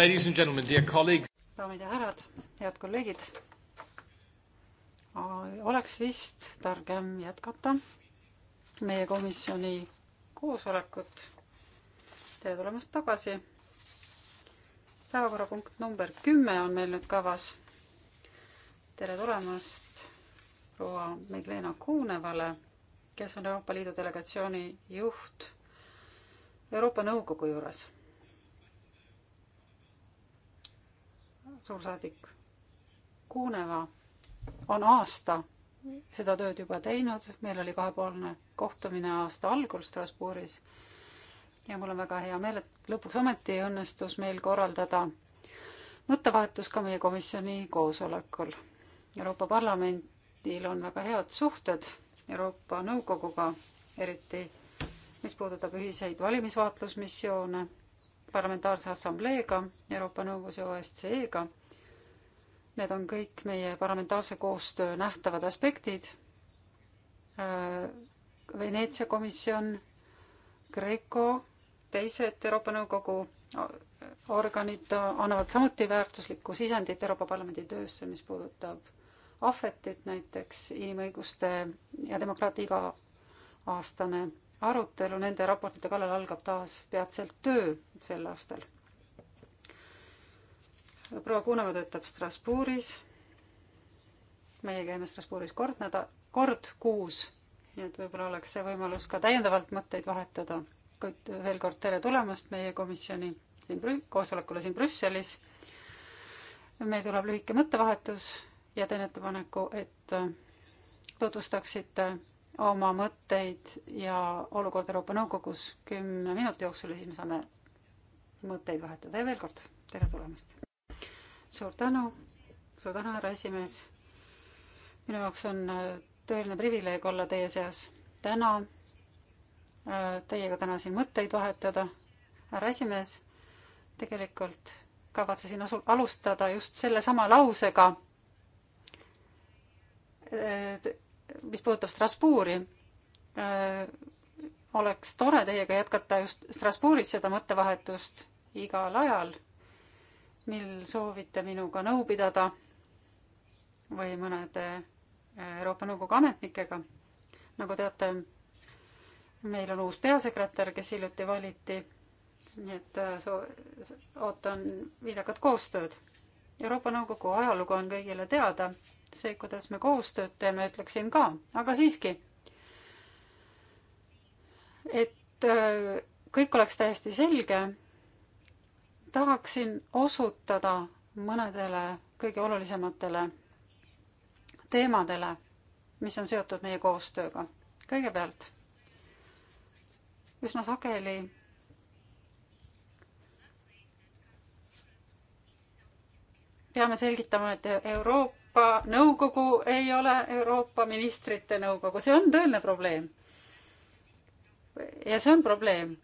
Ladies and gentlemen, dear colleagues. daamid ja härrad, head kolleegid. oleks vist targem jätkata meie komisjoni koosolekut. tere tulemast tagasi. päevakorrapunkt number kümme on meil nüüd kavas. tere tulemast proua Meglena Kuunevale, kes on Euroopa Liidu delegatsiooni juht Euroopa Nõukogu juures suursaadik Kuuneva on aasta seda tööd juba teinud, meil oli kahepoolne kohtumine aasta algul Strasbourgis ja mul on väga hea meel, et lõpuks ometi õnnestus meil korraldada mõttevahetus ka meie komisjoni koosolekul. Euroopa Parlamendil on väga head suhted Euroopa Nõukoguga, eriti mis puudutab ühiseid valimisvaatlusmissioone Parlamentaarse Assambleega, Euroopa Nõukogus ja OSCE-ga. Need on kõik meie parlamentaarse koostöö nähtavad aspektid. Äh, Veneetsia komisjon, Kreeko, teised Euroopa Nõukogu organid annavad samuti väärtuslikku sisendit Euroopa Parlamendi töösse, mis puudutab ahvetit näiteks, inimõiguste ja demokraatia iga-aastane arutelu nende raportite kallal algab taas peatselt töö sel aastal. proua Kuunamäe töötab Strasbourgis. meie käime Strasbourgis kord näda-, kord kuus, nii et võib-olla oleks see võimalus ka täiendavalt mõtteid vahetada. kuid veel kord tere tulemast meie komisjoni siin Brü-, koosolekule siin Brüsselis. meil tuleb lühike mõttevahetus ja teen ettepaneku, et tutvustaksite oma mõtteid ja olukord Euroopa Nõukogus kümne minuti jooksul ja siis me saame mõtteid vahetada ja veel kord tere tulemast. suur tänu, suur tänu, härra esimees. minu jaoks on äh, tõeline privileeg olla teie seas täna, äh, teiega täna siin mõtteid vahetada. härra esimees, tegelikult kavatsesin asu-, alustada just sellesama lausega mis puudutab Strasbourgi, äh, oleks tore teiega jätkata just Strasbourgis seda mõttevahetust igal ajal, mil soovite minuga nõu pidada või mõnede äh, Euroopa Nõukogu ametnikega. nagu teate, meil on uus peasekretär, kes hiljuti valiti, nii et äh, soo-, ootan viljakat koostööd Euroopa Nõukogu ajalugu on kõigile teada, see, kuidas me koostööd teeme, ütleksin ka, aga siiski, et äh, kõik oleks täiesti selge, tahaksin osutada mõnedele kõige olulisematele teemadele, mis on seotud meie koostööga. kõigepealt, üsna sageli peame selgitama, et Euroopa Nõukogu ei ole Euroopa ministrite nõukogu, see on tõeline probleem. ja see on probleem.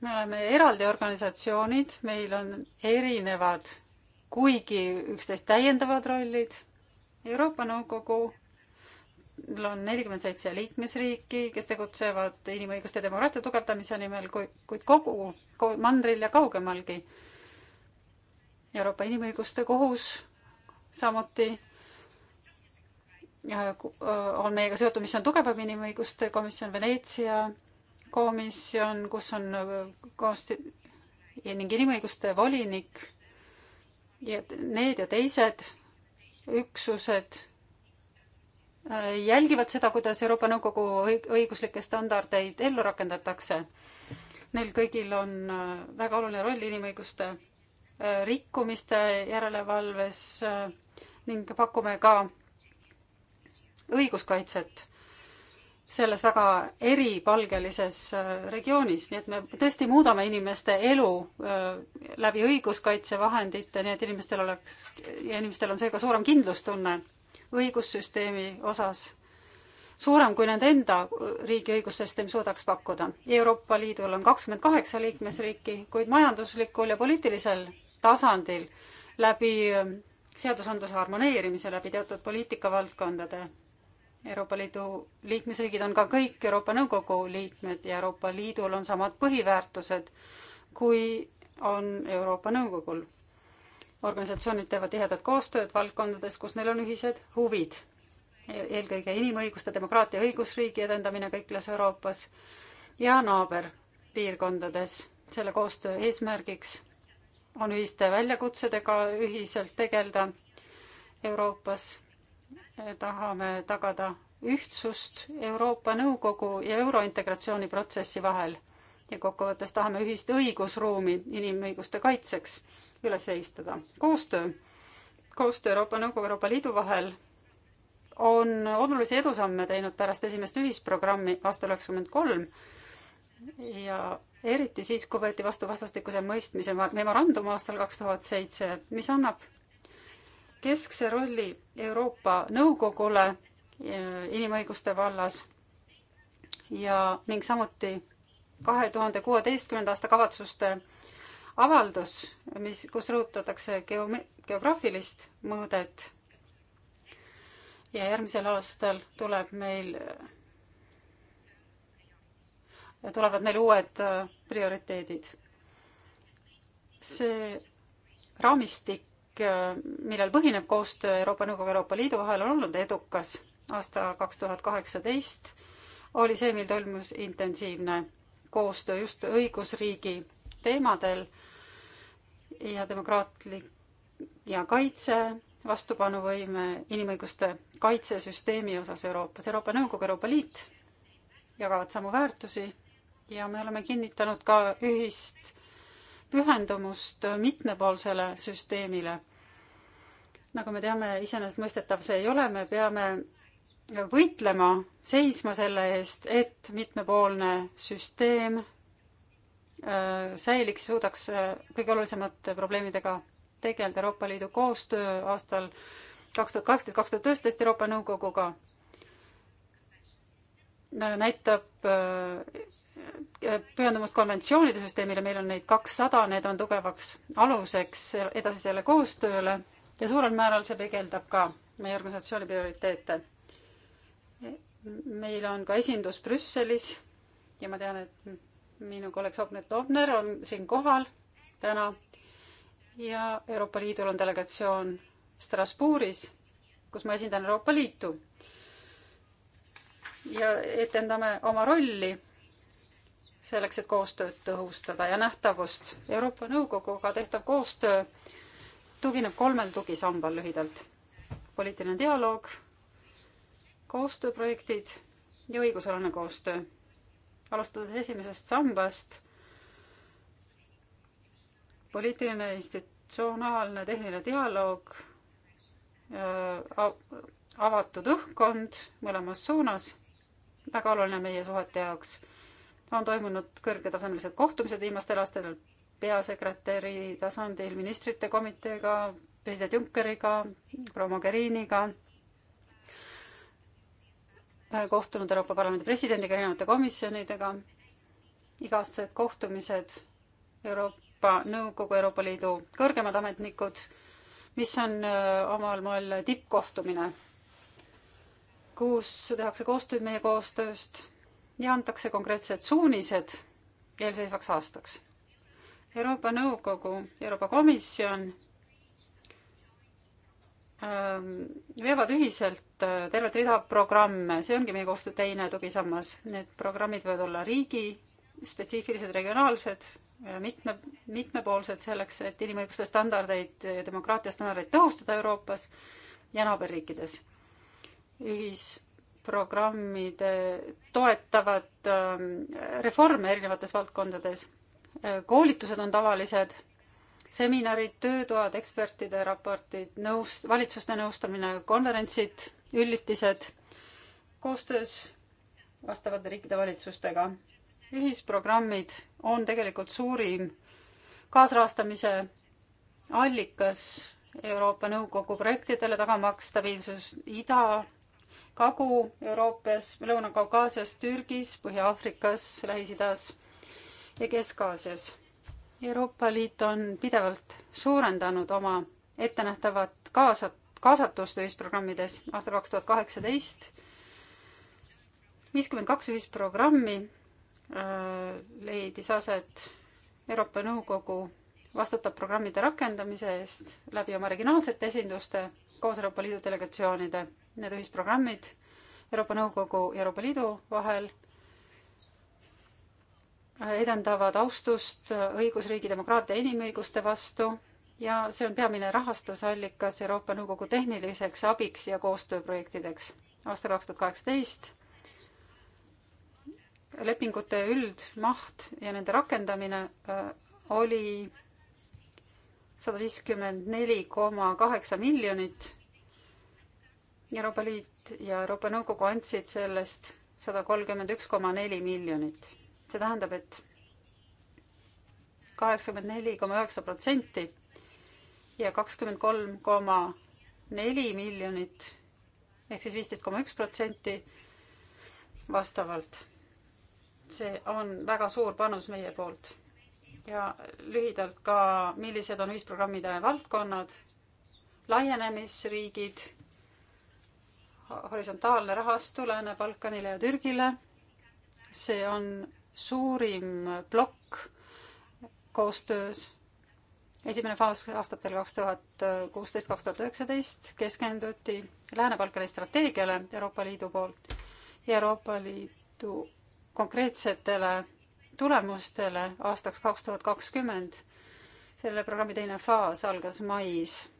me oleme eraldi organisatsioonid, meil on erinevad, kuigi üksteist täiendavad rollid. Euroopa Nõukogu meil on nelikümmend seitse liikmesriiki, kes tegutsevad inimõiguste ja demokraatia tugevdamise nimel, kuid, kuid kogu, kogu mandril ja kaugemalgi Euroopa Inimõiguste Kohus samuti äh, on meiega seotud, mis on tugevam inimõiguste komisjon, Veneetsia komisjon, kus on äh, koosti- ning inimõiguste volinik ja need ja teised üksused äh, jälgivad seda, kuidas Euroopa Nõukogu õiguslikke standardeid ellu rakendatakse. Neil kõigil on väga oluline roll inimõiguste Äh, rikkumiste järelevalves äh, ning pakume ka õiguskaitset selles väga eripalgelises äh, regioonis, nii et me tõesti muudame inimeste elu läbi õiguskaitsevahendite, nii et inimestel oleks, inimestel on seega suurem kindlustunne õigussüsteemi osas, suurem kui nende enda riigi õigussüsteem suudaks pakkuda. Euroopa Liidul on kakskümmend kaheksa liikmesriiki, kuid majanduslikul ja poliitilisel tasandil läbi ähm, seadusandluse harmoneerimise, läbi teatud poliitikavaldkondade. Euroopa Liidu liikmesriigid on ka kõik Euroopa Nõukogu liikmed ja Euroopa Liidul on samad põhiväärtused, kui on Euroopa Nõukogul. organisatsioonid teevad tihedat koostööd valdkondades, kus neil on ühised huvid e-, eelkõige inimõiguste, demokraatia, õigusriigi edendamine kõikles Euroopas ja naaberpiirkondades. selle koostöö eesmärgiks on ühiste väljakutsedega ühiselt tegeleda Euroopas. Eh, tahame tagada ühtsust Euroopa Nõukogu ja eurointegratsiooni protsessi vahel ja kokkuvõttes tahame ühist õigusruumi inimõiguste kaitseks üles ehitada. koostöö, koostöö Euroopa Nõukogu, Euroopa Liidu vahel on olulisi edusamme teinud pärast esimest ühisprogrammi aastal üheksakümmend kolm ja eriti siis, kui võeti vastu vastastikuse mõistmise memorandum aastal kaks tuhat seitse, mis annab keskse rolli Euroopa Nõukogule inimõiguste vallas ja ning samuti kahe tuhande kuueteistkümnenda aasta kavatsuste avaldus, mis, kus rõhutatakse geo-, geograafilist mõõdet. ja järgmisel aastal tuleb meil tulevad meil uued äh, prioriteedid. see raamistik, äh, millel põhineb koostöö Euroopa Nõukogu ja Euroopa Liidu vahel, on olnud edukas. aasta kaks tuhat kaheksateist oli see, mil toimus intensiivne koostöö just õigusriigi teemadel ja demokraatlik ja kaitse, vastupanuvõime, inimõiguste kaitsesüsteemi osas Euroopas. Euroopa Nõukogu, Euroopa Liit jagavad samu väärtusi ja me oleme kinnitanud ka ühist pühendumust mitmepoolsele süsteemile. nagu me teame, iseenesestmõistetav see ei ole, me peame võitlema, seisma selle eest, et mitmepoolne süsteem äh, säiliks, suudaks äh, kõige olulisemate probleemidega tegeleda Euroopa Liidu koostöö aastal kaks tuhat kaksteist, kaks tuhat üheksateist Euroopa Nõukoguga äh, näitab pühendumust konventsioonide süsteemile, meil on neid kakssada, need on tugevaks aluseks edasisele koostööle ja suurel määral see peegeldab ka meie organisatsiooni prioriteete. meil on ka esindus Brüsselis ja ma tean, et minu kolleeg Sobnet Lobner on siin kohal täna ja Euroopa Liidul on delegatsioon Strasbourgis, kus ma esindan Euroopa Liitu. ja etendame oma rolli selleks, et koostööd tõhustada ja nähtavust. Euroopa Nõukoguga tehtav koostöö tugineb kolmel tugisambal lühidalt. poliitiline dialoog, koostööprojektid ja õigusalane koostöö. alustades esimesest sambast, poliitiline institutsionaalne tehniline dialoog, äh, avatud õhkkond mõlemas suunas, väga oluline meie suhete jaoks on toimunud kõrgetasemelised kohtumised viimastel aastatel peasekretäri tasandil ministrite komiteega, president Junckeriga, proua Mogheriniga, kohtunud Euroopa Parlamendi presidendiga, erinevate komisjonidega, iga-aastased kohtumised, Euroopa Nõukogu, Euroopa Liidu kõrgemad ametnikud, mis on äh, omal moel tippkohtumine, kus tehakse koostööd meie koostööst ja antakse konkreetsed suunised eelseisvaks aastaks. Euroopa Nõukogu, Euroopa Komisjon ähm, veavad ühiselt äh, tervet rida programme, see ongi meie koostöö teine tugisammas. Need programmid võivad olla riigi spetsiifilised, regionaalsed, äh, mitme, mitmepoolsed selleks, et inimõiguste standardeid, demokraatia standardeid tõhustada Euroopas ja naaberriikides. ühis- programmid toetavad ähm, reforme erinevates valdkondades. Äh, koolitused on tavalised, seminarid, töötoad, ekspertide raportid, nõus, valitsuste nõustamine, konverentsid, üllitised koostöös vastavate riikide valitsustega. ühisprogrammid on tegelikult suurim kaasrahastamise allikas Euroopa Nõukogu projektidele, tagamaks stabiilsus Ida- Kagu-Euroopas, Lõuna-Kaukaasias, Türgis, Põhja-Aafrikas, Lähis-Idas ja Kesk-Aasias. Euroopa Liit on pidevalt suurendanud oma ettenähtavat kaasat-, kaasatust ühisprogrammides aastal kaks tuhat kaheksateist, viiskümmend kaks ühisprogrammi äh, leidis aset Euroopa Nõukogu vastutab programmide rakendamise eest läbi oma regionaalsete esinduste koos Euroopa Liidu delegatsioonide need ühisprogrammid Euroopa Nõukogu ja Euroopa Liidu vahel äh, edendavad austust õigusriigi, demokraatia ja inimõiguste vastu ja see on peamine rahastusallikas Euroopa Nõukogu tehniliseks abiks ja koostööprojektideks. aastal kaks tuhat kaheksateist lepingute üldmaht ja nende rakendamine äh, oli sada viiskümmend neli koma kaheksa miljonit Euroopa Liit ja Euroopa Nõukogu andsid sellest sada kolmkümmend üks koma neli miljonit. see tähendab et, et kaheksakümmend neli koma üheksa protsenti ja kakskümmend kolm koma neli miljonit ehk siis viisteist koma üks protsenti vastavalt. see on väga suur panus meie poolt. ja lühidalt ka, millised on ühisprogrammide valdkonnad, laienemisriigid horisontaalne rahastu Lääne-Balkanile ja Türgile. see on suurim plokk koostöös. esimene faas aastatel kaks tuhat kuusteist, kaks tuhat üheksateist keskenduti Lääne-Balkani strateegiale Euroopa Liidu poolt ja Euroopa Liidu konkreetsetele tulemustele aastaks kaks tuhat kakskümmend. selle programmi teine faas algas mais.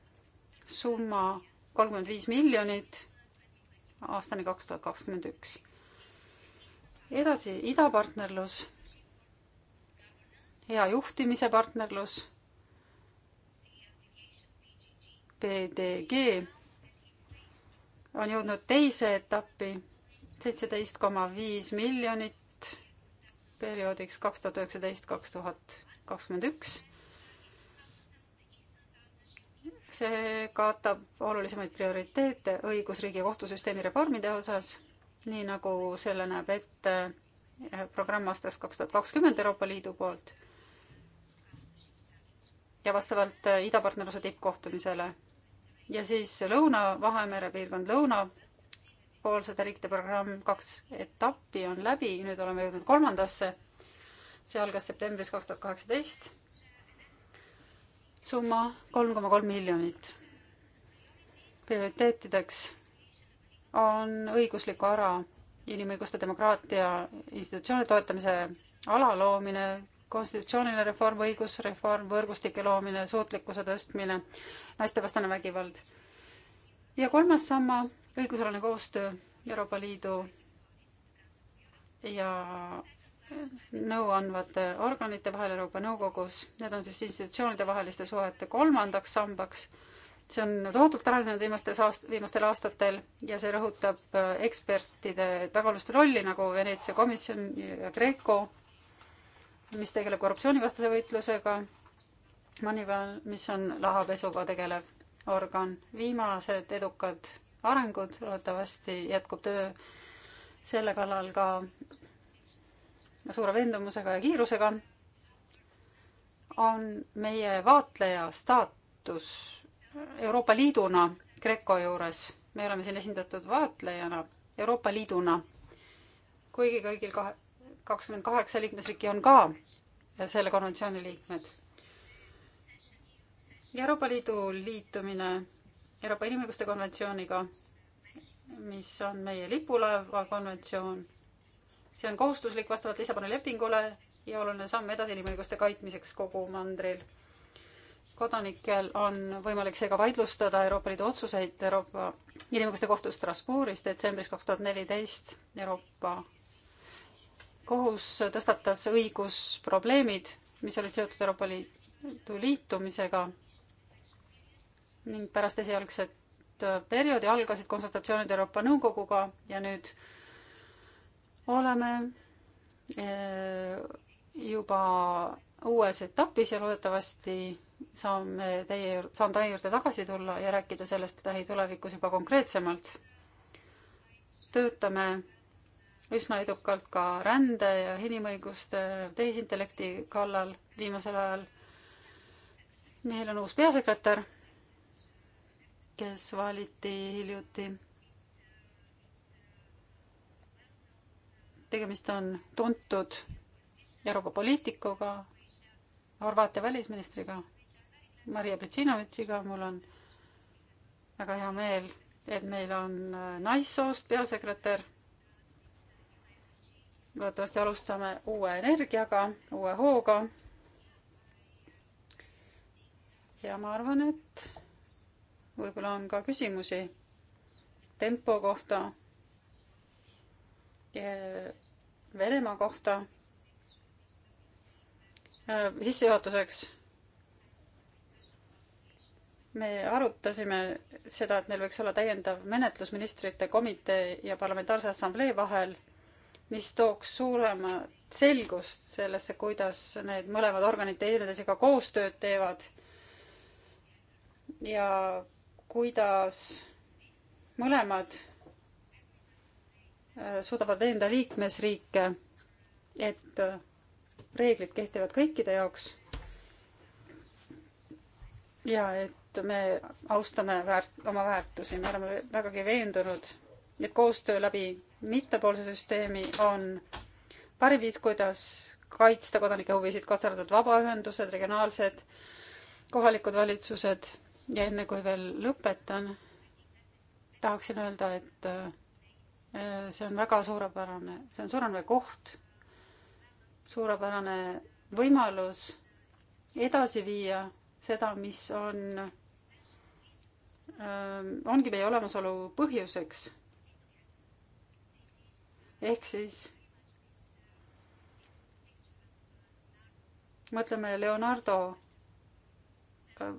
summa kolmkümmend viis miljonit aastani kaks tuhat kakskümmend üks. edasi idapartnerlus, hea juhtimise partnerlus, PDG on jõudnud teise etappi, seitseteist koma viis miljonit perioodiks kaks tuhat üheksateist, kaks tuhat kakskümmend üks see katab olulisemaid prioriteete õigusriigi ja kohtusüsteemi reformide osas, nii nagu selle näeb ette eh, programm aastaks kaks tuhat kakskümmend Euroopa Liidu poolt ja vastavalt eh, idapartnerluse tippkohtumisele. ja siis Lõuna-Vahemere piirkond, lõunapoolsete riikide programm, kaks etappi on läbi, nüüd oleme jõudnud kolmandasse. see algas septembris kaks tuhat kaheksateist summa kolm koma kolm miljonit. prioriteetideks on õigusliku ära inimõiguste demokraatia institutsiooni toetamise ala loomine, konstitutsiooniline reform, õigusreform, võrgustike loomine, suutlikkuse tõstmine, naistevastane vägivald. ja kolmas samma, õigusalane koostöö Euroopa Liidu ja nõuandvate organite vahel Euroopa Nõukogus, need on siis institutsioonide vaheliste suhete kolmandaks sambaks. see on tohutult arenenud viimastes aast-, viimastel aastatel ja see rõhutab äh, ekspertide väga olulist rolli nagu Veneetsia komisjon ja Kreeko, mis tegeleb korruptsioonivastase võitlusega, Manival, mis on rahapesuga tegelev organ. viimased edukad arengud loodetavasti jätkub töö selle kallal ka suure veendumusega ja kiirusega, on meie vaatleja staatus Euroopa Liiduna GRECO juures. me oleme siin esindatud vaatlejana Euroopa Liiduna, kuigi kõigil kahe, kakskümmend kaheksa liikmesriiki on ka selle konventsiooni liikmed. Euroopa Liidu liitumine Euroopa Inimõiguste konventsiooniga, mis on meie lipulaeva konventsioon see on kohustuslik vastavalt Lissaboni lepingule ja oluline samm edasi inimõiguste kaitmiseks kogu mandril. kodanikel on võimalik seega vaidlustada Euroopa Liidu otsuseid Euroopa Inimõiguste Kohtus Strasbourgis detsembris kaks tuhat neliteist Euroopa kohus tõstatas õigusprobleemid, mis olid seotud Euroopa Liidu liitumisega ning pärast esialgset perioodi algasid konsultatsioonid Euroopa Nõukoguga ja nüüd oleme eh, juba uues etapis ja loodetavasti saame teie, saan teie juurde tagasi tulla ja rääkida sellest lähitulevikus juba konkreetsemalt. töötame üsna edukalt ka rände ja inimõiguste tehisintellekti kallal viimasel ajal. meil on uus peasekretär, kes valiti hiljuti tegemist on tuntud Euroopa poliitikuga, Horvaatia välisministriga, Maria Pritšinovitšiga, mul on väga hea meel, et meil on äh, naissoost peasekretär. loodetavasti alustame uue energiaga, uue hooga. ja ma arvan, et võib-olla on ka küsimusi tempo kohta Venemaa kohta äh, sissejuhatuseks me arutasime seda, et meil võiks olla täiendav menetlus ministrite komitee ja parlamentaarse assamblee vahel, mis tooks suuremat selgust sellesse, kuidas need mõlemad organid teineteisega koostööd teevad ja kuidas mõlemad Äh, suudavad veenda liikmesriike, et äh, reeglid kehtivad kõikide jaoks. ja et me austame väärt-, oma väärtusi, me oleme vägagi veendunud, et koostöö läbi mitmepoolse süsteemi on parim viis, kuidas kaitsta kodanike huvisid, kaasa arvatud vabaühendused, regionaalsed, kohalikud valitsused ja enne kui veel lõpetan, tahaksin öelda, et äh, Äh, see on väga suurepärane, see on suurepärane koht, suurepärane võimalus edasi viia seda, mis on, ähm, ongi meie olemasolu põhjuseks. ehk siis mõtleme Leonardo äh,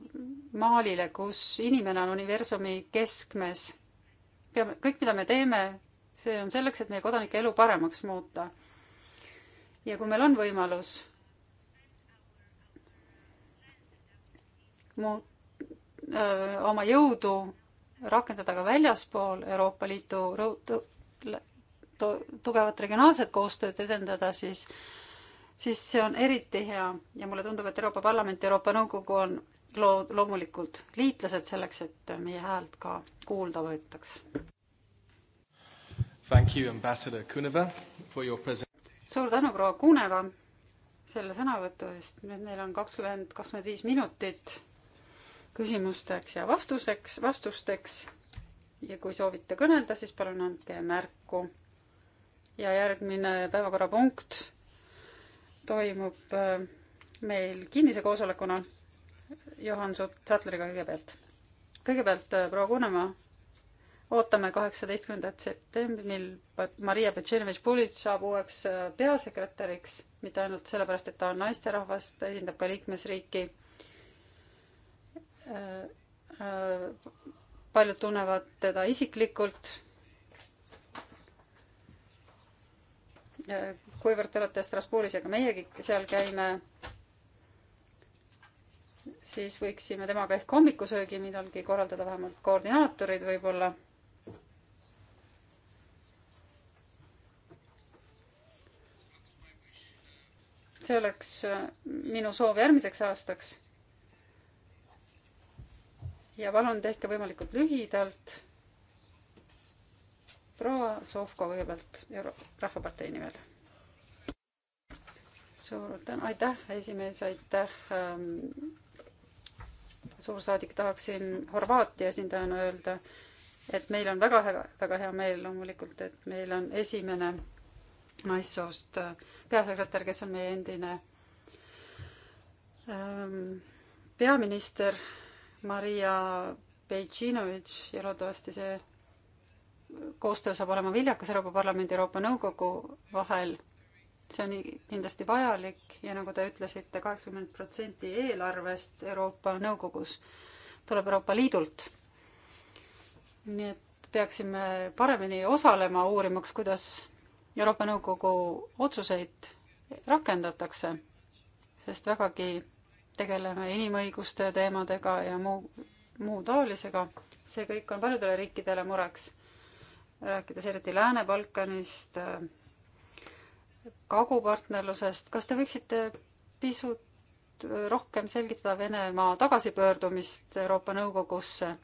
maalile, kus inimene on universumi keskmes. peame, kõik, mida me teeme, see on selleks, et meie kodanike elu paremaks muuta. ja kui meil on võimalus mu-, äh, oma jõudu rakendada ka väljaspool Euroopa Liitu rõhutu-, tugevat regionaalset koostööd edendada, siis, siis see on eriti hea ja mulle tundub, et Euroopa Parlament ja Euroopa Nõukogu on loo-, loomulikult liitlased selleks, et meie häält ka kuulda võetaks. Thank you, ambassador Kuneva, for your present-. suur tänu, proua Kuneva, selle sõnavõtu eest. nüüd meil on kakskümmend, kakskümmend viis minutit küsimusteks ja vastuseks, vastusteks. ja kui soovite kõnelda, siis palun andke märku. ja järgmine päevakorrapunkt toimub äh, meil kinnise koosolekuna Johan Sutleriga kõigepealt. kõigepealt äh, proua Kunemaa ootame kaheksateistkümnendat septembril Maria Petšenovitš Pulits saab uueks äh, peasekretäriks, mitte ainult sellepärast, et ta on naisterahvas, ta esindab ka liikmesriiki. Äh, äh, paljud tunnevad teda isiklikult. kuivõrd te olete Strasbourgis ja ka meiegi seal käime, siis võiksime temaga ehk hommikusöögi millalgi korraldada, vähemalt koordinaatorid võib-olla see oleks äh, minu soov järgmiseks aastaks. ja palun tehke võimalikult lühidalt. proua Sovko kõigepealt Euro-, Rahvapartei nimel. suur tänu, aitäh, esimees, aitäh ähm, suursaadik, tahaksin Horvaatia esindajana öelda, et meil on väga hea, väga hea meel loomulikult, et meil on esimene naissoost äh, peasekretär, kes on meie endine ähm, peaminister Maria Bejtšinovitš ja loodetavasti see koostöö saab olema viljakas Euroopa Parlamendi ja Euroopa Nõukogu vahel. see on kindlasti vajalik ja nagu te ütlesite, kaheksakümmend protsenti eelarvest Euroopa Nõukogus tuleb Euroopa Liidult. nii et peaksime paremini osalema uurimaks, kuidas Euroopa Nõukogu otsuseid rakendatakse, sest vägagi tegeleme inimõiguste teemadega ja muu, muu taolisega. see kõik on paljudele riikidele mureks. rääkides eriti Lääne-Balkanist, kagupartnerlusest, kas te võiksite pisut rohkem selgitada Venemaa tagasipöördumist Euroopa Nõukogusse?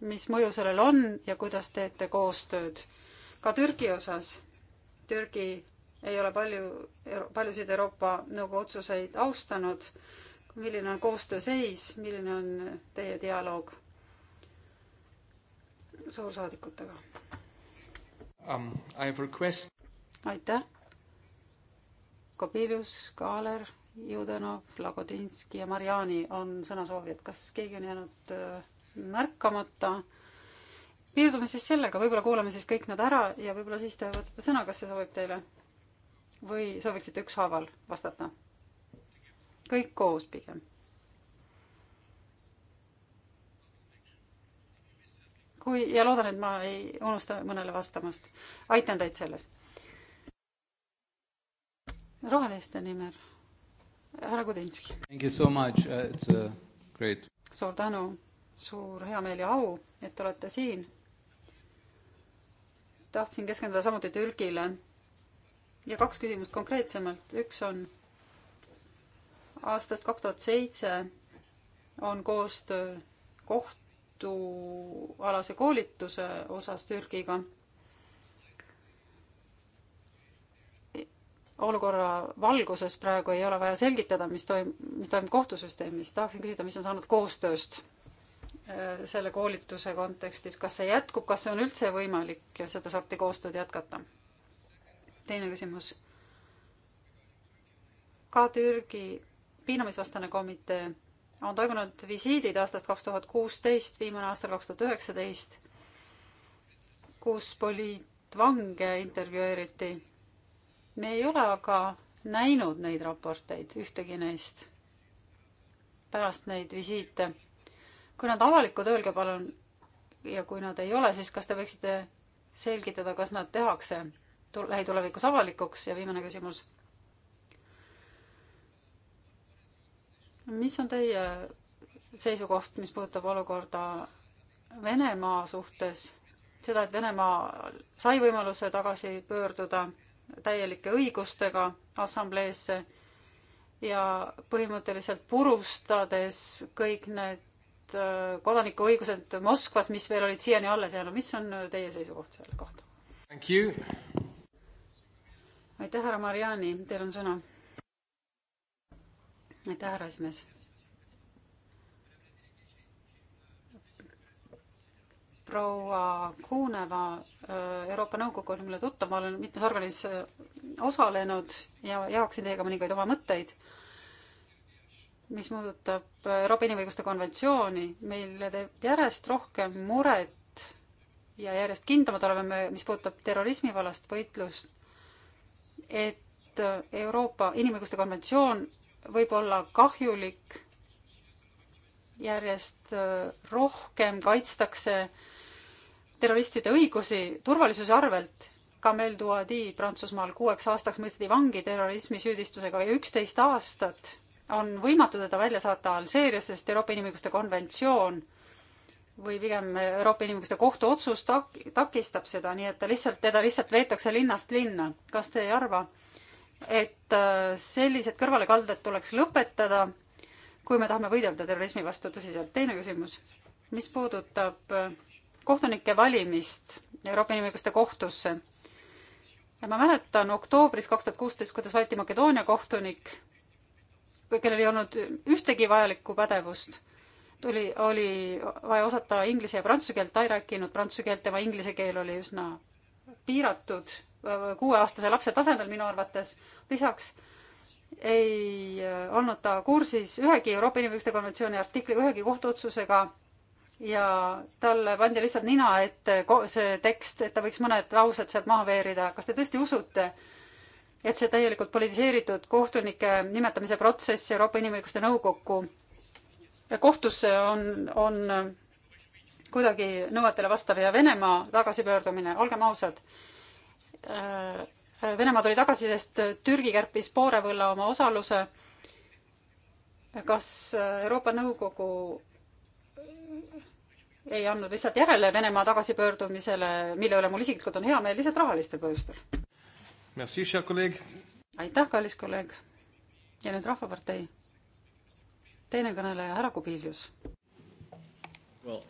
mis mõju sellel on ja kuidas teete koostööd? ka Türgi osas Türgi ei ole palju, paljusid Euroopa Nõukogu otsuseid austanud. milline on koostöö seis, milline on teie dialoog suursaadikutega um,? Request... aitäh. Kobilius, Kaaler, Judenov, Lagodinski ja Mariani on sõnasoovijad. kas keegi on jäänud äh, märkamata? piirdume siis sellega, võib-olla kuulame siis kõik nad ära ja võib-olla siis te võtate sõna, kas see sobib teile. või sooviksite ükshaaval vastata? kõik koos pigem. kui ja loodan, et ma ei unusta mõnele vastamast. aitan teid selles. roheliste nimel härra Kudinski. Thank you so much uh,, it's a uh, great. suur tänu, suur heameel ja au, et olete siin tahtsin keskenduda samuti Türgile. ja kaks küsimust konkreetsemalt, üks on aastast kaks tuhat seitse on koostöö kohtualase koolituse osas Türgiga. olukorra valguses praegu ei ole vaja selgitada, mis toim-, mis toimub kohtusüsteemis, tahaksin küsida, mis on saanud koostööst Äh, selle koolituse kontekstis, kas see jätkub, kas see on üldse võimalik sedasorti koostööd jätkata? teine küsimus. ka Türgi piinamisvastane komitee on toimunud visiidid aastast kaks tuhat kuusteist, viimane aastal kaks tuhat üheksateist, kus poliitvange intervjueeriti. me ei ole aga näinud neid raporteid, ühtegi neist pärast neid visiite kui nad avalikud, öelge palun, ja kui nad ei ole, siis kas te võiksite selgitada, kas nad tehakse lähitulevikus avalikuks ja viimane küsimus. mis on teie seisukoht, mis puudutab olukorda Venemaa suhtes, seda, et Venemaa sai võimaluse tagasi pöörduda täielike õigustega assambleesse ja põhimõtteliselt purustades kõik need Äh, kodanikuõigused Moskvas, mis veel olid siiani alles jäänud, mis on äh, teie seisukoht selle kohta? aitäh, härra Mariani, teil on sõna. aitäh, härra esimees. proua Kuuneva äh, Euroopa Nõukogu on mulle tuttav, ma olen mitmes organis osalenud ja jagaksin teiega mõningaid oma mõtteid mis puudutab Euroopa äh, Inimõiguste Konventsiooni, meil teeb järjest rohkem muret ja järjest kindlamad oleme me, mis puudutab terrorismi vallast võitlust, et äh, Euroopa Inimõiguste Konventsioon võib olla kahjulik, järjest äh, rohkem kaitstakse terroristide õigusi turvalisuse arvelt. Kamel Douadi Prantsusmaal kuueks aastaks mõisteti vangi terrorismisüüdistusega ja üksteist aastat on võimatu teda välja saata Alžeerias, sest Euroopa Inimõiguste Konventsioon või pigem Euroopa Inimõiguste Kohtu otsus tak-, takistab seda, nii et ta lihtsalt, teda lihtsalt veetakse linnast linna. kas te ei arva, et äh, sellised kõrvalekalded tuleks lõpetada, kui me tahame võidelda terrorismi vastu tõsiselt? teine küsimus, mis puudutab äh, kohtunike valimist Euroopa Inimõiguste Kohtusse. ja ma mäletan oktoobris kaks tuhat kuusteist, kuidas valiti Makedoonia kohtunik kellel ei olnud ühtegi vajalikku pädevust, tuli, oli vaja osata inglise ja prantsuse keelt, ta ei rääkinud prantsuse keelt, tema inglise keel oli üsna piiratud, kuueaastase lapse tasandil minu arvates. lisaks ei olnud ta kursis ühegi Euroopa Inimõiguste konventsiooni artikliga, ühegi kohtuotsusega ja talle pandi lihtsalt nina ette see tekst, et ta võiks mõned laused sealt maha veerida. kas te tõesti usute, et see täielikult politiseeritud kohtunike nimetamise protsess Euroopa Inimõiguste Nõukokku ja kohtusse on, on kuidagi nõuetele vastav ja Venemaa tagasipöördumine, olgem ausad. Äh, Venemaa tuli tagasi, sest Türgi kärpis poole võlla oma osaluse. kas Euroopa Nõukogu ei andnud lihtsalt järele Venemaa tagasipöördumisele, mille üle mul isiklikult on hea meel, lihtsalt rahalistel põhjustel? aitäh, kallis kolleeg. ja nüüd Rahvapartei. teine kõneleja, härra Kubilius well,.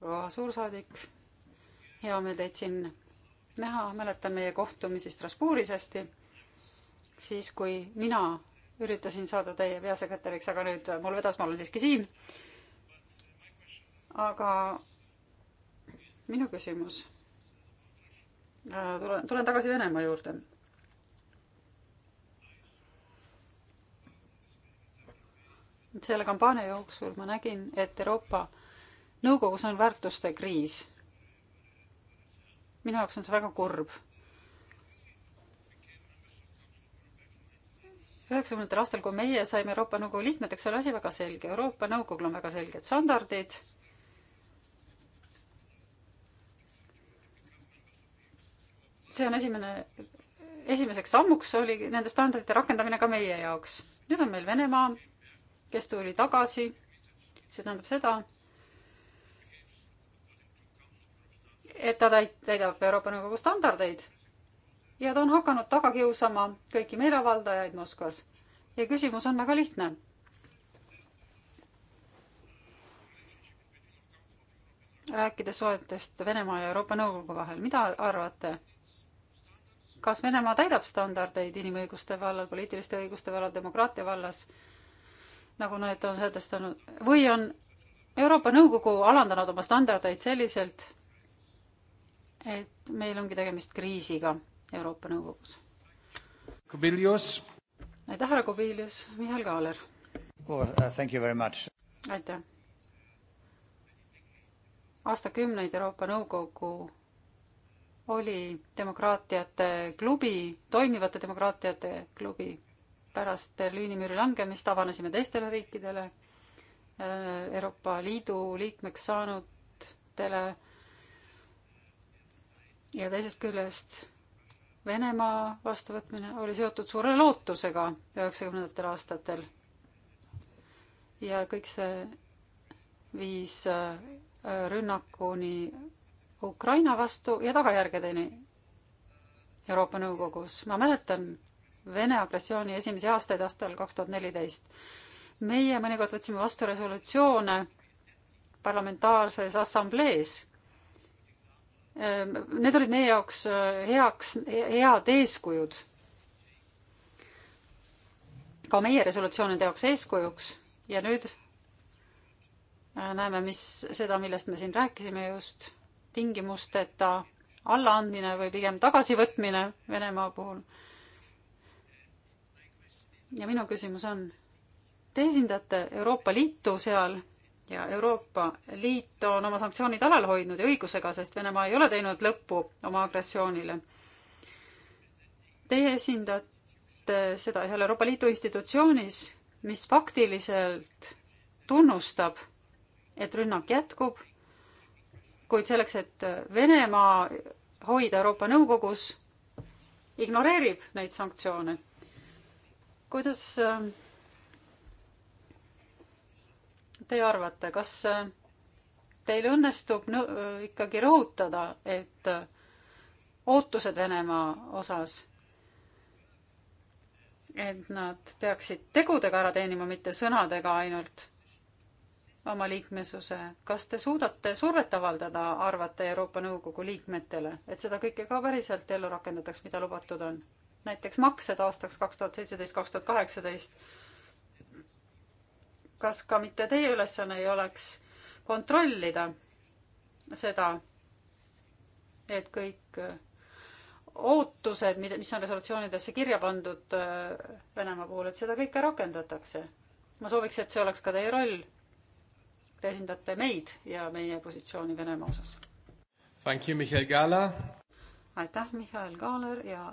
proua suursaadik, hea meel teid siin näha, mäletan meie kohtumisi Strasbourgis hästi, siis kui mina üritasin saada teie peasekretäriks, aga nüüd mul vedas, ma olen siiski siin. aga minu küsimus Äh, tulen, tulen tagasi Venemaa juurde. selle kampaania jooksul ma nägin, et Euroopa Nõukogus on väärtuste kriis. minu jaoks on see väga kurb. üheksakümnendatel aastal, kui meie saime Euroopa Nõukogu liikmeteks, oli asi väga selge. Euroopa Nõukogul on väga selged standardid see on esimene, esimeseks sammuks oli nende standardite rakendamine ka meie jaoks. nüüd on meil Venemaa, kes tuli tagasi. see tähendab seda, et ta täidab Euroopa Nõukogu standardeid ja ta on hakanud taga kiusama kõiki meeleavaldajaid Moskvas. ja küsimus on väga lihtne. rääkides suhetest Venemaa ja Euroopa Nõukogu vahel, mida arvate? kas Venemaa täidab standardeid inimõiguste vallal, poliitiliste õiguste vallal, demokraatia vallas, nagu need on sätestanud, või on Euroopa Nõukogu alandanud oma standardeid selliselt, et meil ongi tegemist kriisiga Euroopa Nõukogus? Kubilius. aitäh, härra Kubilius, Mihhail Kaaler well,. Uh, aitäh. aastakümneid Euroopa Nõukogu oli demokraatiate klubi, toimivate demokraatiate klubi. pärast Berliini müüri langemist avanesime teistele riikidele, äh, Euroopa Liidu liikmeks saanutele ja teisest küljest Venemaa vastuvõtmine oli seotud suure lootusega üheksakümnendatel aastatel. ja kõik see viis äh, rünnakuni Ukraina vastu ja tagajärgedeni Euroopa Nõukogus. ma mäletan Vene agressiooni esimesi aastaid aastal kaks tuhat neliteist. meie mõnikord võtsime vastu resolutsioone parlamentaarses assamblees. Need olid meie jaoks äh, heaks, head eeskujud. ka meie resolutsioonide jaoks eeskujuks ja nüüd äh, näeme, mis, seda, millest me siin rääkisime just tingimusteta allaandmine või pigem tagasivõtmine Venemaa puhul. ja minu küsimus on, te esindate Euroopa Liitu seal ja Euroopa Liit on oma sanktsioonid alal hoidnud ja õigusega, sest Venemaa ei ole teinud lõppu oma agressioonile. Teie esindate seda seal Euroopa Liidu institutsioonis, mis faktiliselt tunnustab, et rünnak jätkub kuid selleks, et Venemaa hoida Euroopa Nõukogus, ignoreerib neid sanktsioone. kuidas äh, teie arvate, kas äh, teil õnnestub äh, ikkagi rõhutada, et ootused Venemaa osas, et nad peaksid tegudega ära teenima, mitte sõnadega ainult oma liikmesuse. kas te suudate survet avaldada, arvate Euroopa Nõukogu liikmetele, et seda kõike ka päriselt ellu rakendataks, mida lubatud on? näiteks maksed aastaks kaks tuhat seitseteist, kaks tuhat kaheksateist. kas ka mitte teie ülesanne ei oleks kontrollida seda, et kõik äh, ootused, mida, mis on resolutsioonidesse kirja pandud äh, Venemaa puhul, et seda kõike rakendatakse? ma sooviks, et see oleks ka teie roll te esindate meid ja meie positsiooni Venemaa osas. Thank you, Mihhail Kala. aitäh, Mihhail Kaaler ja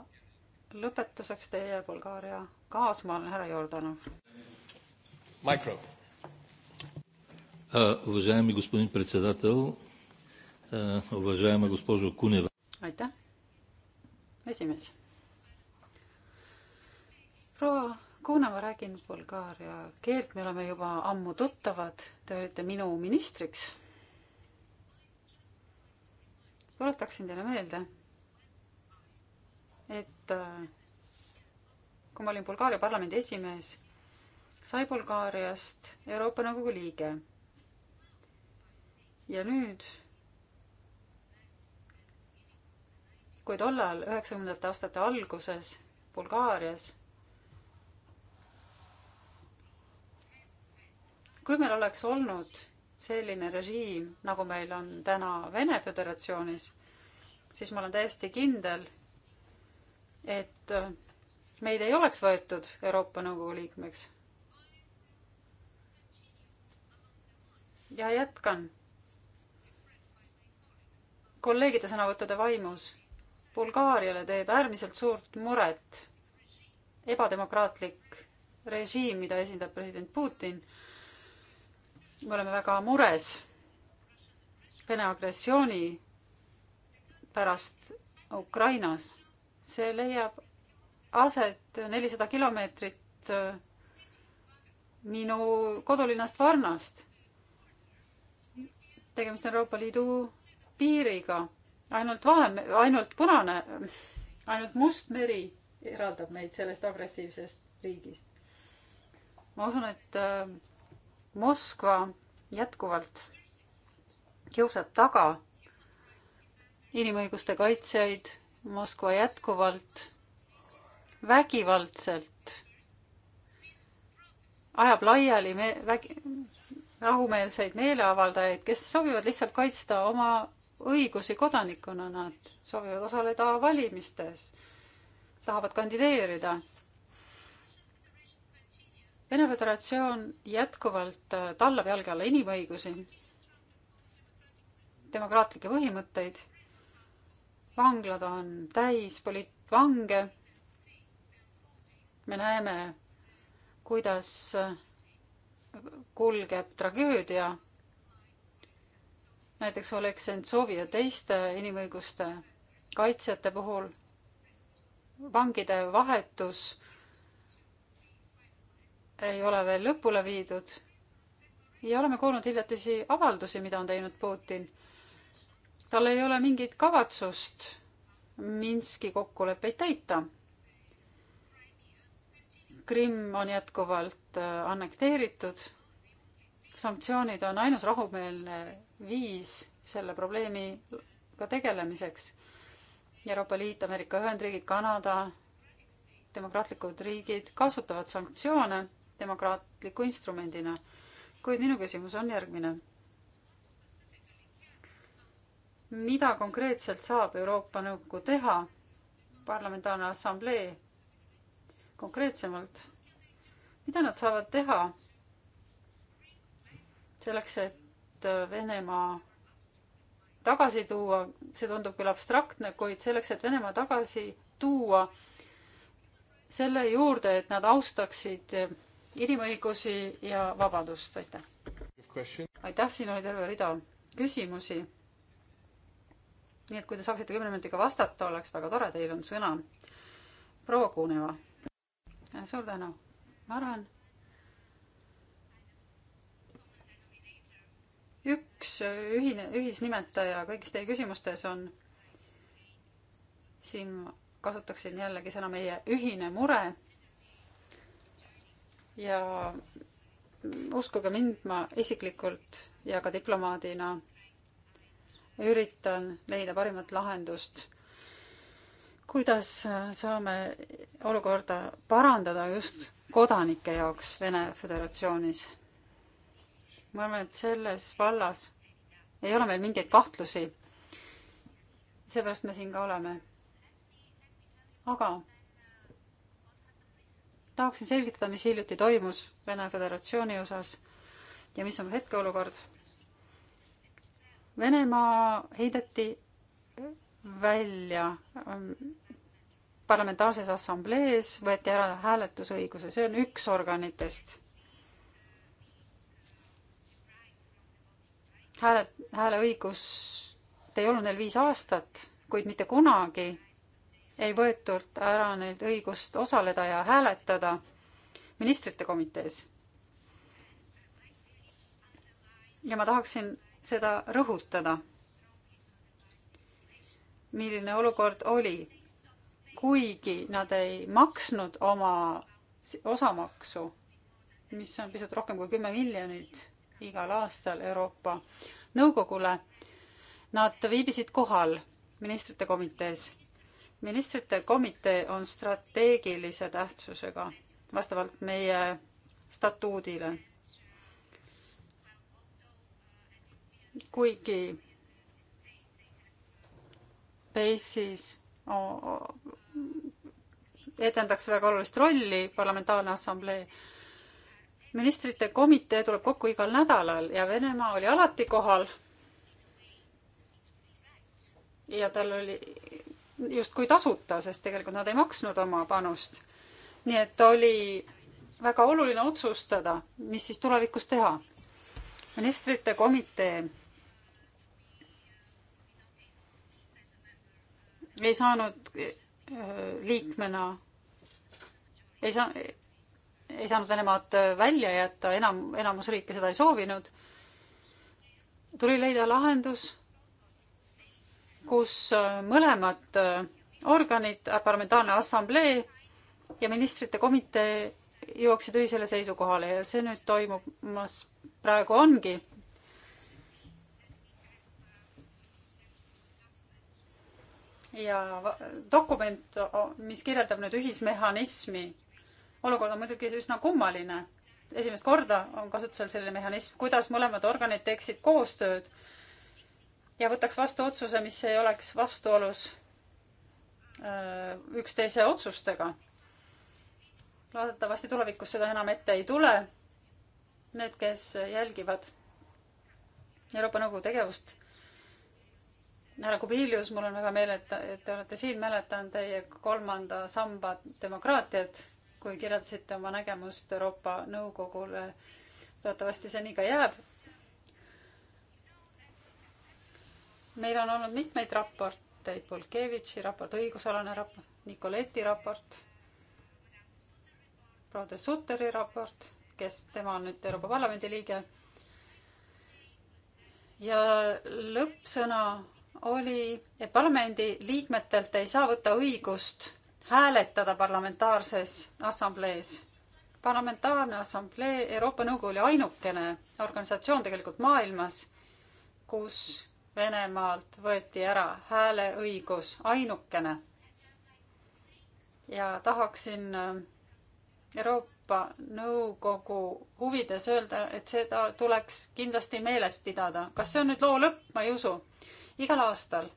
lõpetuseks teie Bulgaaria kaasmaalane härra Jordanov. Micro. Uh, уважаеми господин председател, uh, уважаема госпожо Кунева. Aitäh, esimees. proua kuna ma räägin bulgaaria keelt, me oleme juba ammu tuttavad, te olite minu ministriks. tuletaksin teile meelde, et äh, kui ma olin Bulgaaria parlamendi esimees, sai Bulgaariast Euroopa Nõukogu liige. ja nüüd, kui tollal üheksakümnendate aastate alguses Bulgaarias kui meil oleks olnud selline režiim, nagu meil on täna Vene Föderatsioonis, siis ma olen täiesti kindel, et äh, meid ei oleks võetud Euroopa Nõukogu liikmeks. ja jätkan kolleegide sõnavõttude vaimus. Bulgaariale teeb äärmiselt suurt muret ebademokraatlik režiim, mida esindab president Putin me oleme väga mures Vene agressiooni pärast Ukrainas. see leiab aset nelisada kilomeetrit äh, minu kodulinnast Varnast. tegemist on Euroopa Liidu piiriga, ainult vahe, ainult punane, ainult Must meri eraldab meid sellest agressiivsest riigist. ma usun, et äh, Moskva jätkuvalt kiusab taga inimõiguste kaitsjaid, Moskva jätkuvalt vägivaldselt ajab laiali me-, vägi-, rahumeelseid meeleavaldajaid, kes soovivad lihtsalt kaitsta oma õigusi kodanikuna, nad soovivad osaleda valimistes, tahavad kandideerida Vene Föderatsioon jätkuvalt äh, tallab jalge alla inimõigusi, demokraatlikke põhimõtteid. vanglad on täis poliitvange. me näeme, kuidas äh, kulgeb tragöödia. näiteks Oleg Sentsovi ja teiste inimõiguste kaitsjate puhul vangide vahetus ei ole veel lõpule viidud. ja oleme kuulnud hiljutisi avaldusi, mida on teinud Putin. tal ei ole mingit kavatsust Minski kokkuleppeid täita. Krimm on jätkuvalt äh, annekteeritud. sanktsioonid on ainus rahumeelne viis selle probleemiga tegelemiseks. Euroopa Liit, Ameerika Ühendriigid, Kanada, demokraatlikud riigid kasutavad sanktsioone demokraatliku instrumendina. kuid minu küsimus on järgmine. mida konkreetselt saab Euroopa Nõukogu teha, parlamentaarne assamblee konkreetsemalt, mida nad saavad teha selleks, et Venemaa tagasi tuua, see tundub küll abstraktne, kuid selleks, et Venemaa tagasi tuua selle juurde, et nad austaksid inimõigusi ja vabadust, aitäh. aitäh, siin oli terve rida küsimusi. nii et kui te saaksite kümne minutiga vastata, oleks väga tore, teil on sõna. proua Kuneva. suur tänu, ma arvan. üks ühine, ühisnimetaja kõigis teie küsimustes on, siin kasutaksin jällegi sõna meie ühine mure ja uskuge mind, ma isiklikult ja ka diplomaadina üritan leida parimat lahendust, kuidas saame olukorda parandada just kodanike jaoks Vene Föderatsioonis. ma arvan, et selles vallas ei ole meil mingeid kahtlusi. seepärast me siin ka oleme. aga tahaksin selgitada, mis hiljuti toimus Vene Föderatsiooni osas ja mis on hetkeolukord. Venemaa heideti välja ähm, parlamentaarses assamblees, võeti ära hääletusõiguse, see on üks organitest. hääle, hääleõigust ei olnud neil viis aastat, kuid mitte kunagi ei võetud ära neilt õigust osaleda ja hääletada ministrite komitees. ja ma tahaksin seda rõhutada, milline olukord oli, kuigi nad ei maksnud oma osamaksu, mis on pisut rohkem kui kümme miljonit igal aastal Euroopa Nõukogule. Nad viibisid kohal ministrite komitees ministrite komitee on strateegilise tähtsusega vastavalt meie statuudile. kuigi BASE-is etendaks väga olulist rolli parlamentaarne assamblee. ministrite komitee tuleb kokku igal nädalal ja Venemaa oli alati kohal. ja tal oli justkui tasuta, sest tegelikult nad ei maksnud oma panust. nii et oli väga oluline otsustada, mis siis tulevikus teha. ministrite komitee ei saanud eh, liikmena, ei saa, ei saanud Venemaad välja jätta, enam, enamus riike seda ei soovinud. tuli leida lahendus kus äh, mõlemad äh, organid, äh, parlamentaarne assamblee ja ministrite komitee jõuaksid ühisele seisukohale ja see nüüd toimumas praegu ongi. ja dokument, mis kirjeldab nüüd ühismehhanismi, olukord on muidugi üsna kummaline. esimest korda on kasutusel selline mehhanism, kuidas mõlemad organid teeksid koostööd ja võtaks vastu otsuse, mis ei oleks vastuolus äh, üksteise otsustega. loodetavasti tulevikus seda enam ette ei tule. Need, kes jälgivad Euroopa Nõukogu tegevust, härra Kubilius, mul on väga meel, et, et te olete siin, mäletan teie kolmanda samba demokraatiat, kui kirjeldasite oma nägemust Euroopa Nõukogule. loodetavasti see nii ka jääb meil on olnud mitmeid raporteid, Polkevitši raport, õigusalane raport, Nicoleti raport, proua de Sutteri raport, kes, tema on nüüd Euroopa Parlamendi liige. ja lõppsõna oli, et parlamendi liikmetelt ei saa võtta õigust hääletada parlamentaarses assamblees parlamentaarne assamblee Euroopa Nõukogu oli ainukene organisatsioon tegelikult maailmas, kus Venemaalt võeti ära hääleõigus, ainukene. ja tahaksin äh, Euroopa Nõukogu huvides öelda, et seda tuleks kindlasti meeles pidada. kas see on nüüd loo lõpp, ma ei usu. igal aastal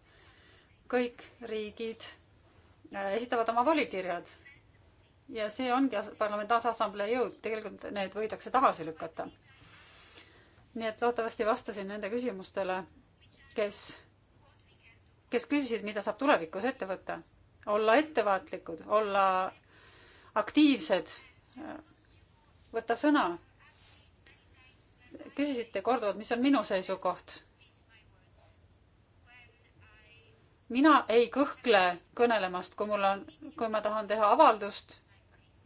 kõik riigid äh, esitavad oma volikirjad ja see ongi parlamentaarse assamblee jõud, tegelikult need võidakse tagasi lükata. nii et loodetavasti vastasin nende küsimustele kes, kes küsisid, mida saab tulevikus ette võtta. olla ettevaatlikud, olla aktiivsed, võtta sõna. küsisite korduvalt, mis on minu seisukoht. mina ei kõhkle kõnelemast, kui mul on, kui ma tahan teha avaldust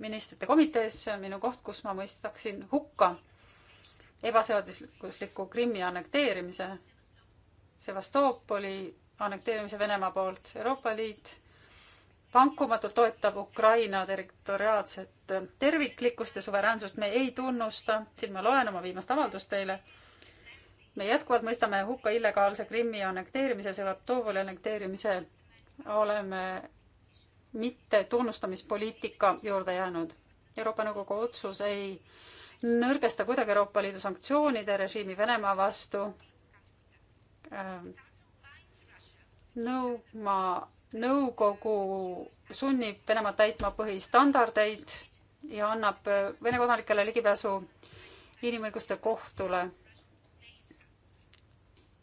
ministrite komitees, see on minu koht, kus ma mõistaksin hukka ebaseadusliku Krimmi annekteerimise Sevastoopoli annekteerimise Venemaa poolt. Euroopa Liit vankumatult toetab Ukraina territoriaalset terviklikkust ja suveräänsust. me ei tunnusta, siin ma loen oma viimast avaldust teile, me jätkuvalt mõistame hukka illegaalse Krimmi annekteerimise, Sevastoopoli annekteerimise. oleme mittetunnustamispoliitika juurde jäänud. Euroopa Nõukogu otsus ei nõrgesta kuidagi Euroopa Liidu sanktsioonide režiimi Venemaa vastu Ähm, nõudma, nõukogu sunnib Venemaad täitma põhistandardeid ja annab äh, Vene kodanikele ligipääsu inimõiguste kohtule.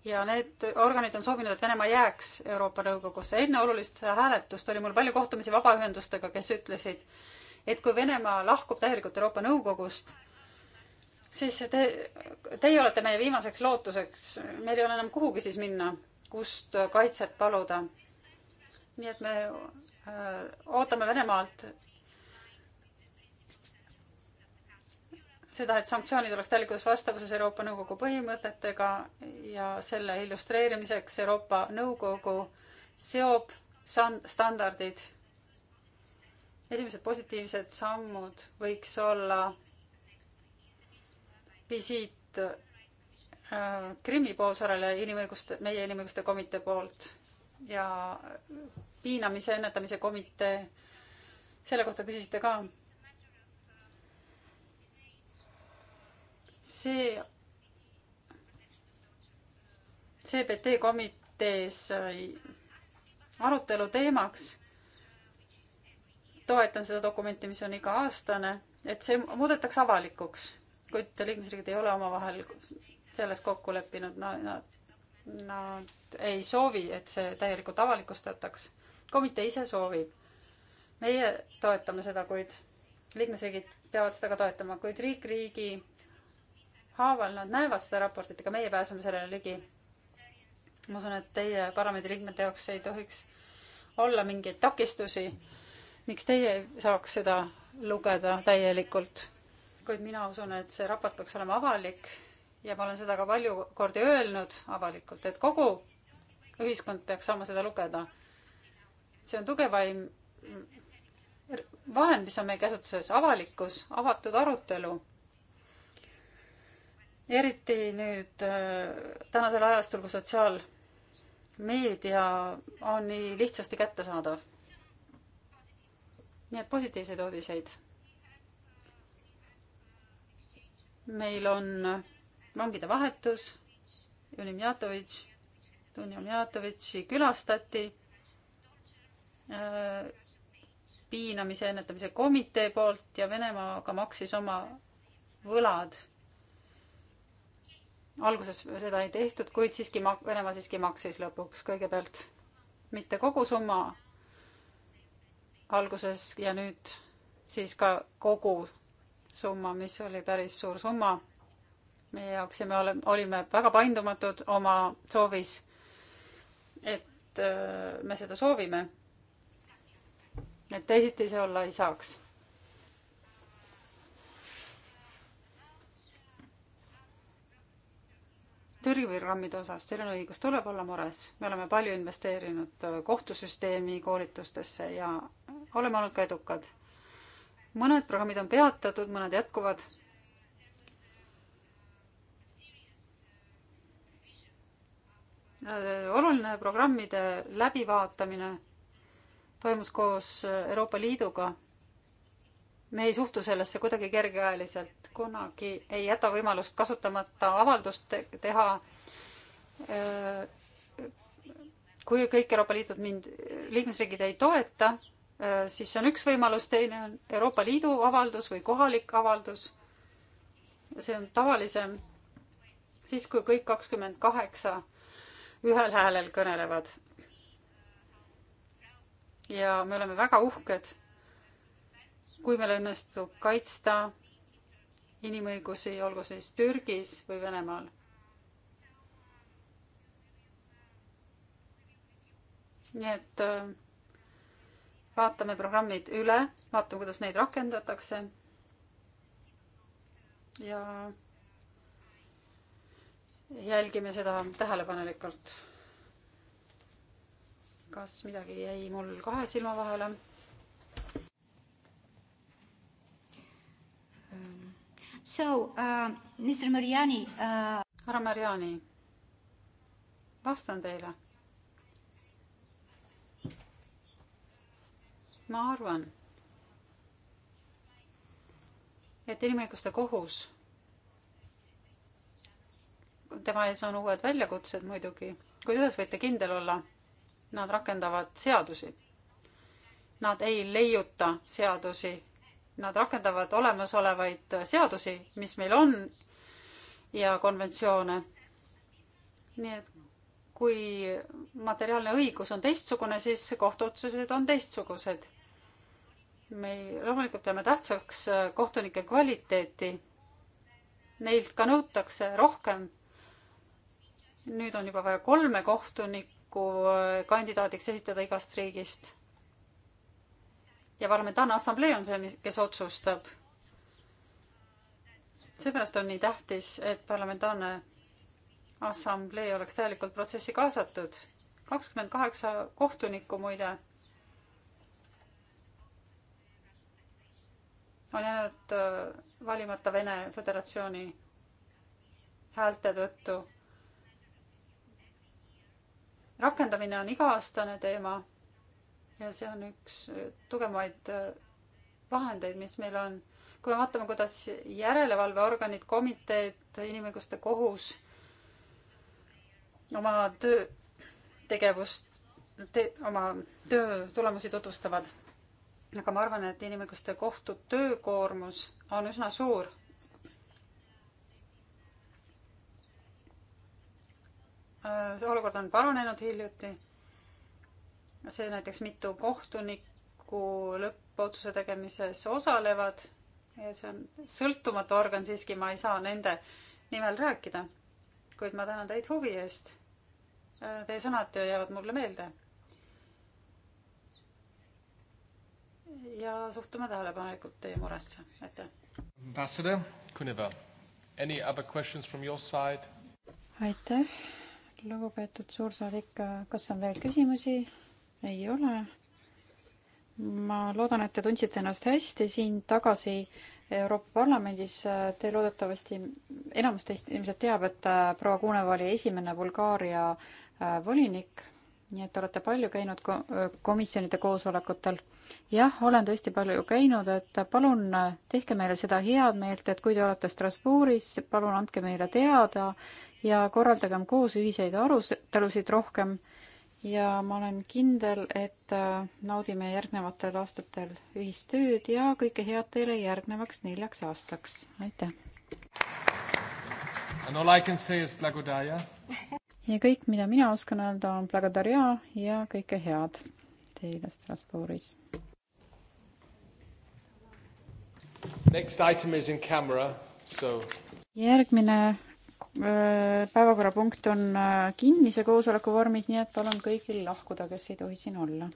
ja need organid on soovinud, et Venemaa jääks Euroopa Nõukogusse. enne olulist hääletust oli mul palju kohtumisi vabaühendustega, kes ütlesid, et kui Venemaa lahkub täielikult Euroopa Nõukogust, siis te, teie olete meie viimaseks lootuseks, meil ei ole enam kuhugi siis minna, kust kaitset paluda. nii et me äh, ootame Venemaalt seda, et sanktsioonid oleks täielikus vastavuses Euroopa Nõukogu põhimõtetega ja selle illustreerimiseks Euroopa Nõukogu seob standardid. esimesed positiivsed sammud võiks olla visiit äh, Krimmi poolsaarele inimõiguste, meie inimõiguste komitee poolt ja piinamise ennetamise komitee, selle kohta küsisite ka. see, CBT komitees arutelu teemaks toetan seda dokumenti, mis on iga-aastane, et see muudetaks avalikuks kuid liikmesriigid ei ole omavahel selles kokku leppinud, nad, nad ei soovi, et see täielikult avalikustataks. komitee ise soovib. meie toetame seda, kuid liikmesriigid peavad seda ka toetama, kuid riik riigi haaval nad näevad seda raportit, ega meie pääseme sellele ligi. ma usun, et teie parlamendi liikmete jaoks ei tohiks olla mingeid takistusi. miks teie ei saaks seda lugeda täielikult? kuid mina usun, et see raport peaks olema avalik ja ma olen seda ka palju kordi öelnud avalikult, et kogu ühiskond peaks saama seda lugeda. see on tugevaim vahend, mis on meie käsutuses, avalikkus, avatud arutelu. eriti nüüd äh, tänasel ajastul, kui sotsiaalmeedia on nii lihtsasti kättesaadav. nii et positiivseid uudiseid meil on vangide vahetus, Junim Jatovitš, Dunjam Jatovitši külastati äh, piinamise ennetamise komitee poolt ja Venemaaga maksis oma võlad. alguses seda ei tehtud, kuid siiski mak-, Venemaa siiski maksis lõpuks kõigepealt mitte kogu summa alguses ja nüüd siis ka kogu summa, mis oli päris suur summa meie jaoks ja me oleme, olime väga paindumatud oma soovis, et äh, me seda soovime. et teisiti see olla ei saaks. Türgi programmide osas, teil on õigus, tuleb olla mures, me oleme palju investeerinud äh, kohtusüsteemi koolitustesse ja oleme olnud ka edukad mõned programmid on peatatud, mõned jätkuvad. oluline programmide läbivaatamine toimus koos Euroopa Liiduga. me ei suhtu sellesse kuidagi kergekäeliselt, kunagi ei jäta võimalust kasutamata avaldust teha kui kõik Euroopa Liidud mind, liikmesriigid ei toeta, Äh, siis see on üks võimalus, teine on Euroopa Liidu avaldus või kohalik avaldus. see on tavalisem siis, kui kõik kakskümmend kaheksa ühel häälel kõnelevad. ja me oleme väga uhked, kui meil õnnestub kaitsta inimõigusi, olgu siis Türgis või Venemaal. nii et äh, vaatame programmid üle, vaatame, kuidas neid rakendatakse. ja jälgime seda tähelepanelikult. kas midagi jäi mul kahe silma vahele? So uh, Mr Mariani uh.... härra Mariani, vastan teile ma arvan, et inimõiguste kohus, tema ees on uued väljakutsed muidugi, kuid ühes võite kindel olla, nad rakendavad seadusi. Nad ei leiuta seadusi, nad rakendavad olemasolevaid seadusi, mis meil on ja konventsioone. nii et kui materiaalne õigus on teistsugune, siis kohtuotsused on teistsugused me loomulikult peame tähtsaks äh, kohtunike kvaliteeti. Neilt ka nõutakse rohkem. nüüd on juba vaja kolme kohtunikku äh, kandidaadiks esitada igast riigist. ja parlamentaarne assamblee on see, kes otsustab. seepärast on nii tähtis, et parlamentaarne assamblee oleks täielikult protsessi kaasatud. kakskümmend kaheksa kohtunikku muide on jäänud äh, valimata Vene Föderatsiooni häälte tõttu. rakendamine on iga-aastane teema ja see on üks äh, tugevamaid äh, vahendeid, mis meil on. kui me vaatame, kuidas järelevalveorganid, komiteed, inimõiguste kohus oma töö tegevust te,, oma töö tulemusi tutvustavad aga ma arvan, et inimõiguste kohtu töökoormus on üsna suur. see olukord on paranenud hiljuti. see näiteks mitu kohtunikku lõppotsuse tegemises osalevad ja see on sõltumatu organ, siiski ma ei saa nende nimel rääkida. kuid ma tänan teid huvi eest. Teie sõnad jäävad mulle meelde ja suhtume tähelepanelikult teie muresse, aitäh. Ambassador Kuneva, any other questions from your side? aitäh, lugupeetud suursaadik, kas on veel küsimusi? ei ole. ma loodan, et te tundsite ennast hästi siin tagasi Euroopa Parlamendis. Te loodetavasti, enamus teist ilmselt teab, et äh, proua Kuneva oli esimene Bulgaaria äh, volinik, nii et olete palju käinud komisjonide koosolekutel jah, olen tõesti palju käinud, et palun tehke meile seda head meelt, et kui te olete Strasbourgis, palun andke meile teada ja korraldagem koos ühiseid arutelusid rohkem. ja ma olen kindel, et äh, naudime järgnevatel aastatel ühist tööd ja kõike head teile järgnevaks neljaks aastaks, aitäh! And all I can say is Blagodaja ja kõik, mida mina oskan öelda, on Blagadaria ja kõike head! teile Strasbourgis. Next item is in camera, so. järgmine äh, päevakorrapunkt on äh, kinnise koosoleku vormis, nii et palun kõigil lahkuda, kes ei tohi siin olla